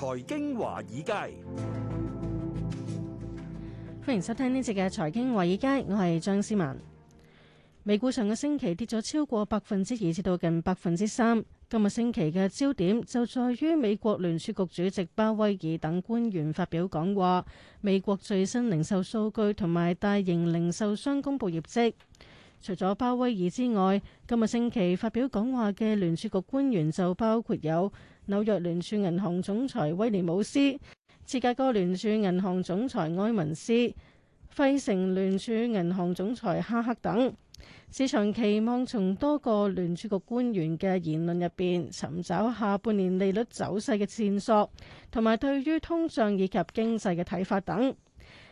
財經華爾街，歡迎收聽呢集嘅財經華爾街，我係張思文。美股上個星期跌咗超過百分之二，至到近百分之三。今個星期嘅焦點就在於美國聯儲局主席鮑威爾等官員發表講話，美國最新零售數據同埋大型零售商公佈業績。除咗鮑威爾之外，今個星期發表講話嘅聯儲局官員就包括有。紐約聯儲銀行總裁威廉姆斯、芝加哥聯儲銀行總裁埃文斯、費城聯儲銀行總裁哈克等，市場期望從多個聯儲局官員嘅言論入邊尋找下半年利率走勢嘅線索，同埋對於通脹以及經濟嘅睇法等。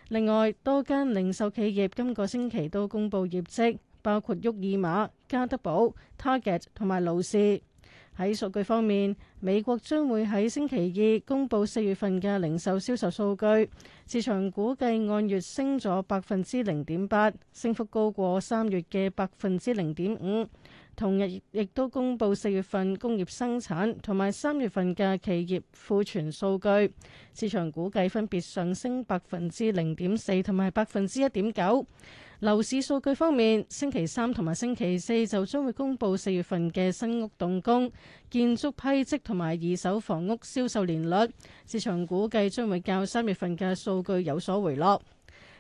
另外，多間零售企業今個星期都公佈業績，包括沃爾瑪、家得寶、Target 同埋勞士。喺數據方面，美國將會喺星期二公布四月份嘅零售銷售數據，市場估計按月升咗百分之零點八，升幅高過三月嘅百分之零點五。同日亦都公布四月份工業生產同埋三月份嘅企業庫存數據，市場估計分別上升百分之零點四同埋百分之一點九。樓市數據方面，星期三同埋星期四就將會公布四月份嘅新屋動工、建築批則同埋二手房屋銷售年率，市場估計將會較三月份嘅數據有所回落。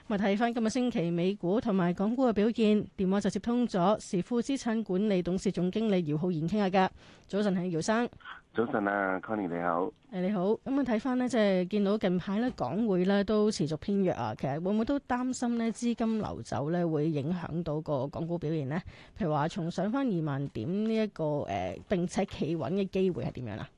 咁睇翻今日星期美股同埋港股嘅表現，電話就接通咗時富資產管理董事總經理姚浩然傾下㗎。早晨，係姚生。早晨啊，Connie，你好。誒、哎、你好，咁啊睇翻呢，即係見到近排呢港匯呢都持續偏弱啊。其實會唔會都擔心呢資金流走呢會影響到個港股表現呢？譬如話從上翻二萬點呢，這、一個誒、呃、並且企穩嘅機會係點樣啊？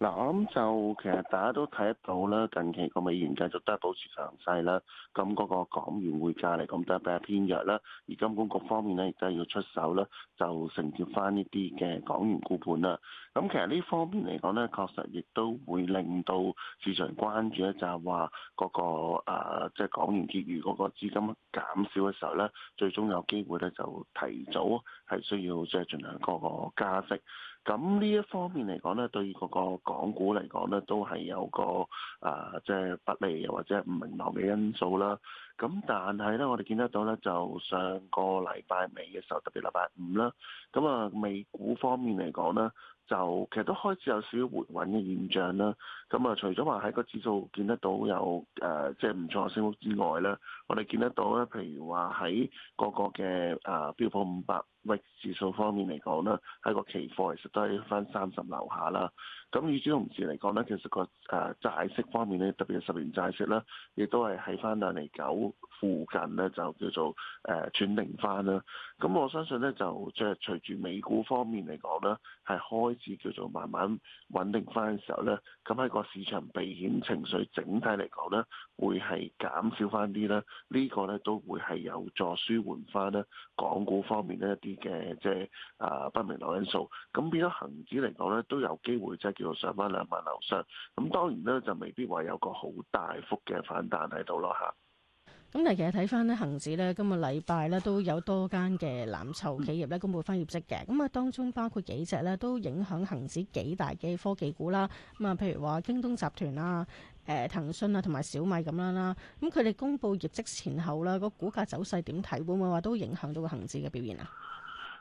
嗱咁就其實大家都睇得到啦，近期個美元繼續都係保持強勢啦，咁嗰個港元匯價嚟講都係比較偏弱啦，而金管局方面咧亦都係要出手啦，就承接翻呢啲嘅港元沽盤啦。咁其實呢方面嚟講咧，確實亦都會令到市場關注咧，就係話嗰個誒即係港元結餘嗰個資金減少嘅時候咧，最終有機會咧就提早係需要即係進行嗰個加息。咁呢一方面嚟講咧，對嗰個港股嚟講咧，都係有個啊、呃，即係不利又或者唔明朗嘅因素啦。咁但係咧，我哋見得到咧，就上個禮拜尾嘅時候，特別禮拜五啦，咁啊，美股方面嚟講咧。就其實都開始有少少回穩嘅現象啦。咁啊，除咗話喺個指數見得到有誒即係唔錯升幅之外咧，我哋見得到咧，譬如話喺個個嘅誒標普五百滬指數方面嚟講咧，喺個期貨其實都係翻三十樓下啦。咁與此同時嚟講咧，其實、那個誒、呃、債息方面咧，特別係十年債息啦，亦都係喺翻兩厘九附近咧，就叫做誒、呃、轉零翻啦。咁我相信咧，就即係隨住美股方面嚟講咧，係開始叫做慢慢穩定翻嘅時候咧，咁喺個市場避險情緒整體嚟講咧，會係減少翻啲啦。這個、呢個咧都會係有助舒緩翻咧，港股方面、呃、呢，一啲嘅即係啊不明朗因素，咁變咗恒指嚟講咧都有機會即係叫做上翻兩萬樓上，咁當然咧就未必話有個好大幅嘅反彈喺度咯嚇。咁但係其實睇翻咧，恒指咧今個禮拜咧都有多間嘅藍籌企業咧公佈翻業績嘅，咁啊當中包括幾隻咧都影響恒指幾大嘅科技股啦，咁啊譬如話京東集團啦、誒騰訊啊同埋小米咁樣啦，咁佢哋公佈業績前後啦，個股價走勢點睇？會唔會話都影響到個恒指嘅表現啊？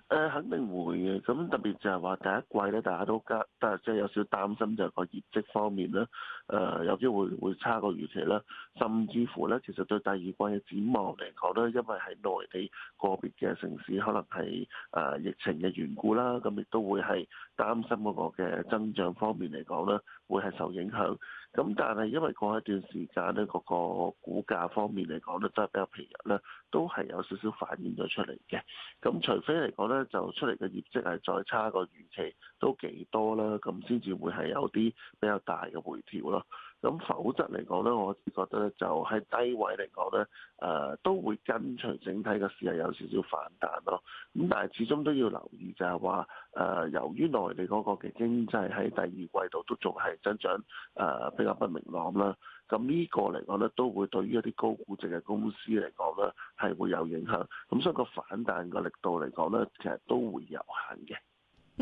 誒肯定會嘅，咁特別就係話第一季咧，大家都覺得，即係有少少擔心就係個業績方面啦。誒、呃、有機會會差過預期啦，甚至乎咧，其實對第二季嘅展望嚟講咧，因為喺內地個別嘅城市可能係誒、呃、疫情嘅緣故啦，咁亦都會係擔心嗰個嘅增長方面嚟講咧，會係受影響。咁但係因為過一段時間咧，嗰、那個股價方面嚟講咧，都係比較平日啦，都係有少少反映咗出嚟嘅。咁除非嚟講咧，就出嚟嘅業績係再差過預期。都幾多啦，咁先至會係有啲比較大嘅回調咯。咁否則嚟講咧，我覺得咧就喺低位嚟講咧，誒、呃、都會跟隨整體嘅市係有少少反彈咯。咁但係始終都要留意就係話誒，由於內地嗰個嘅經濟喺第二季度都仲係增長誒、呃、比較不明朗啦。咁呢個嚟講咧，都會對於一啲高估值嘅公司嚟講咧，係會有影響。咁所以個反彈嘅力度嚟講咧，其實都會有限嘅。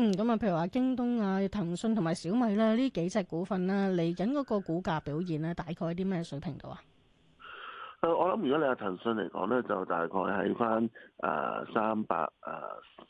嗯，咁啊，譬如話京東啊、騰訊同埋小米咧，呢幾隻股份啦，嚟緊嗰個股價表現咧，大概啲咩水平度啊、呃？我諗如果你話、啊、騰訊嚟講咧，就大概喺翻啊三百啊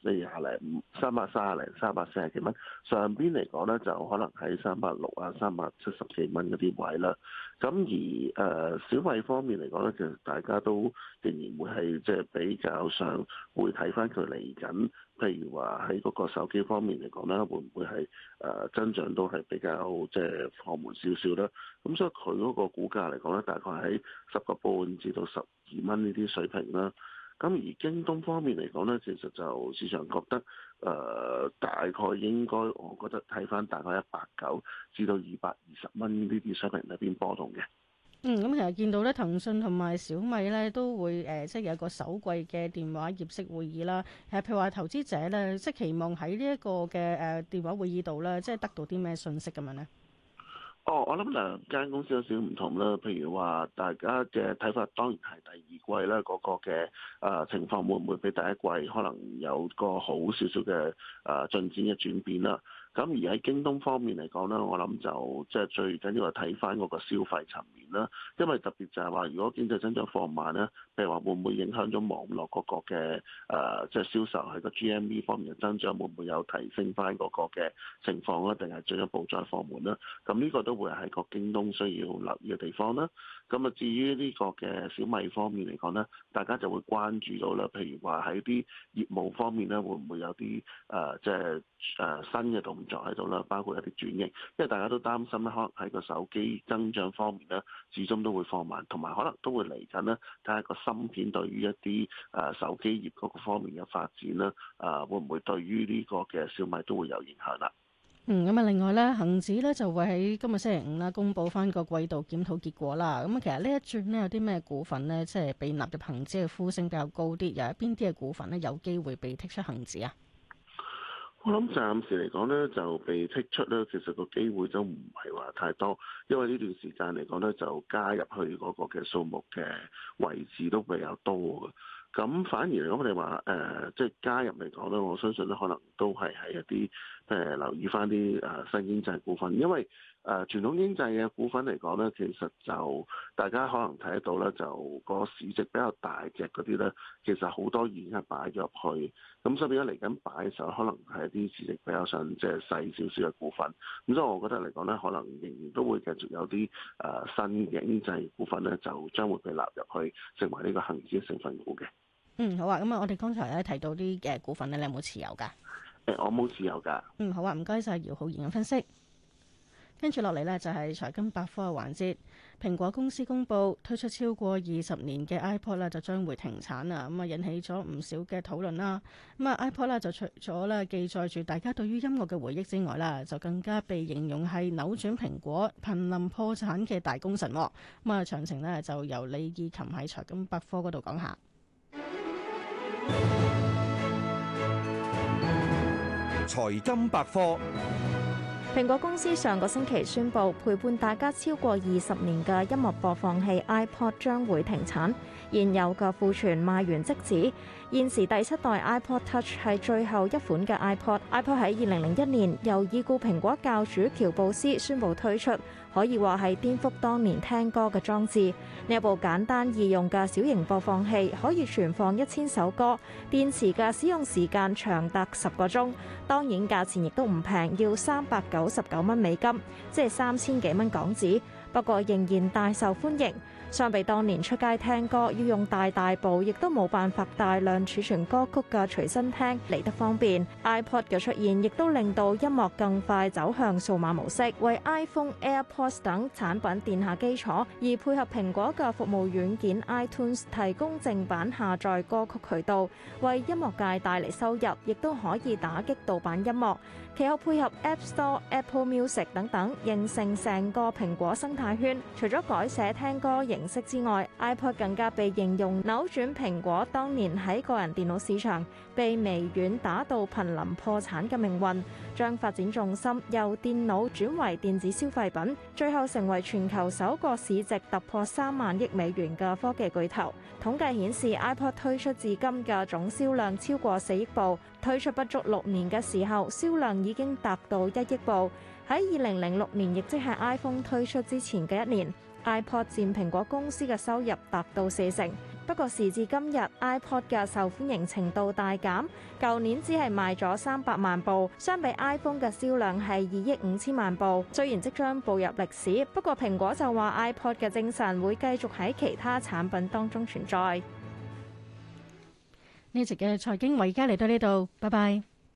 四廿零、三百三廿零、三百四十幾蚊上邊嚟講咧，就可能喺三百六啊、三百七十幾蚊嗰啲位啦。咁而誒、呃、小米方面嚟講咧，就大家都仍然會係即係比較上會睇翻佢嚟緊。回譬如話喺嗰個手機方面嚟講咧，會唔會係誒、呃、增長都係比較即係、就是、放緩少少啦？咁所以佢嗰個股價嚟講咧，大概喺十個半至到十二蚊呢啲水平啦。咁而京東方面嚟講咧，其實就市場覺得誒、呃、大概應該，我覺得睇返大概一百九至到二百二十蚊呢啲水平入邊波動嘅。嗯，咁其實見到咧，騰訊同埋小米咧都會誒、呃，即係有一個首季嘅電話業績會議啦。誒、呃，譬如話投資者咧，即係期望喺呢一個嘅誒電話會議度咧，即係得到啲咩信息咁樣呢？哦，我諗兩間公司有少少唔同啦。譬如話，大家嘅睇法當然係第二季啦，嗰個嘅啊情況會唔會比第一季可能有個好少少嘅啊進展嘅轉變啦。咁而喺京東方面嚟講咧，我諗就即係最緊要係睇翻嗰個消費層面啦。因為特別就係話，如果經濟增長放慢咧，譬如話會唔會影響咗網絡嗰個嘅啊即係銷售喺個 GMV 方面嘅增長會唔會有提升翻嗰個嘅情況咧？定係進一步再放緩啦。咁呢個都會係個京東需要留意嘅地方啦。咁啊，至於呢個嘅小米方面嚟講咧，大家就會關注到啦。譬如話喺啲業務方面咧，會唔會有啲誒、呃、即係誒新嘅動作喺度啦？包括一啲轉型，因為大家都擔心咧，可能喺個手機增長方面咧，始終都會放慢，同埋可能都會嚟緊咧睇下個芯片對於一啲誒手機業嗰個方面嘅發展啦。誒、呃，會唔會對於呢個嘅小米都會有影響啦？嗯，咁啊，另外咧，恆指咧就會喺今日星期五啦，公布翻個季度檢討結果啦。咁、嗯、其實呢一轉咧，有啲咩股份咧，即係被納入恒指嘅，呼聲比較高啲，又有邊啲嘅股份咧，有機會被剔出恒指啊？我諗暫時嚟講咧，就被剔出咧，其實個機會都唔係話太多，因為呢段時間嚟講咧，就加入去嗰個嘅數目嘅位置都比較多嘅。咁反而如果我哋話誒，即、呃、係、就是、加入嚟講咧，我相信咧，可能都係喺一啲。即留意翻啲誒新經濟股份，因為誒傳統經濟嘅股份嚟講咧，其實就大家可能睇得到咧，就個市值比較大隻嗰啲咧，其實好多已經係擺咗入去。咁所以而家嚟緊擺嘅可能係啲市值比較上即係細少少嘅股份。咁所以，我覺得嚟講咧，可能仍然都會繼續有啲誒新經濟股份咧，就將會被納入去成為呢個恆指成分股嘅。嗯，好啊。咁啊，我哋剛才咧提到啲誒股份咧，你有冇持有㗎？我冇自由㗎。嗯，好啊，唔該晒姚浩然嘅分析。跟住落嚟呢，就係、是、財金百科嘅環節。蘋果公司公布推出超過二十年嘅 iPod 啦，就將會停產啦，咁、嗯、啊引起咗唔少嘅討論啦。咁、嗯、啊 iPod 啦就除咗呢記載住大家對於音樂嘅回憶之外啦，就更加被形容係扭轉蘋果瀕臨破產嘅大功臣。咁、嗯、啊，詳情呢，就由李義琴喺財金百科嗰度講下。 財金百科。蘋果公司上個星期宣布，陪伴大家超過二十年嘅音樂播放器 iPod 將會停產，現有嘅庫存賣完即止。現時第七代 iPod Touch 係最後一款嘅 iPod iP。iPod 喺二零零一年由已故蘋果教主喬布斯宣布推出。可以話係顛覆當年聽歌嘅裝置。呢一部簡單易用嘅小型播放器，可以存放一千首歌，電池嘅使用時間長達十個鐘。當然價錢亦都唔平，要三百九十九蚊美金，即係三千幾蚊港紙。不過仍然大受歡迎。相比當年出街聽歌要用大大部，亦都冇辦法大量儲存歌曲嘅隨身聽嚟得方便。iPod 嘅出現，亦都令到音樂更快走向數碼模式，為 iPhone、AirPods 等產品奠下基礎。而配合蘋果嘅服務軟件 iTunes 提供正版下載歌曲渠道，為音樂界帶嚟收入，亦都可以打擊盜版音樂。其後配合 App Store、Apple Music 等等，形成成個蘋果生態圈。除咗改寫聽歌形式之外，iPod 更加被形容扭轉蘋果當年喺個人電腦市場被微軟打到瀕臨破產嘅命運，將發展重心由電腦轉為電子消費品，最後成為全球首個市值突破三萬億美元嘅科技巨頭。統計顯示，iPod 推出至今嘅總銷量超過四億部。推出不足六年嘅時候，銷量已經達到一億部。喺二零零六年，亦即係 iPhone 推出之前嘅一年，iPod 佔蘋果公司嘅收入達到四成。不過時至今日，iPod 嘅受歡迎程度大減，舊年只係賣咗三百萬部，相比 iPhone 嘅銷量係二億五千萬部。雖然即將步入歷史，不過蘋果就話 iPod 嘅精神會繼續喺其他產品當中存在。呢集嘅財經華爾街嚟到呢度，拜拜。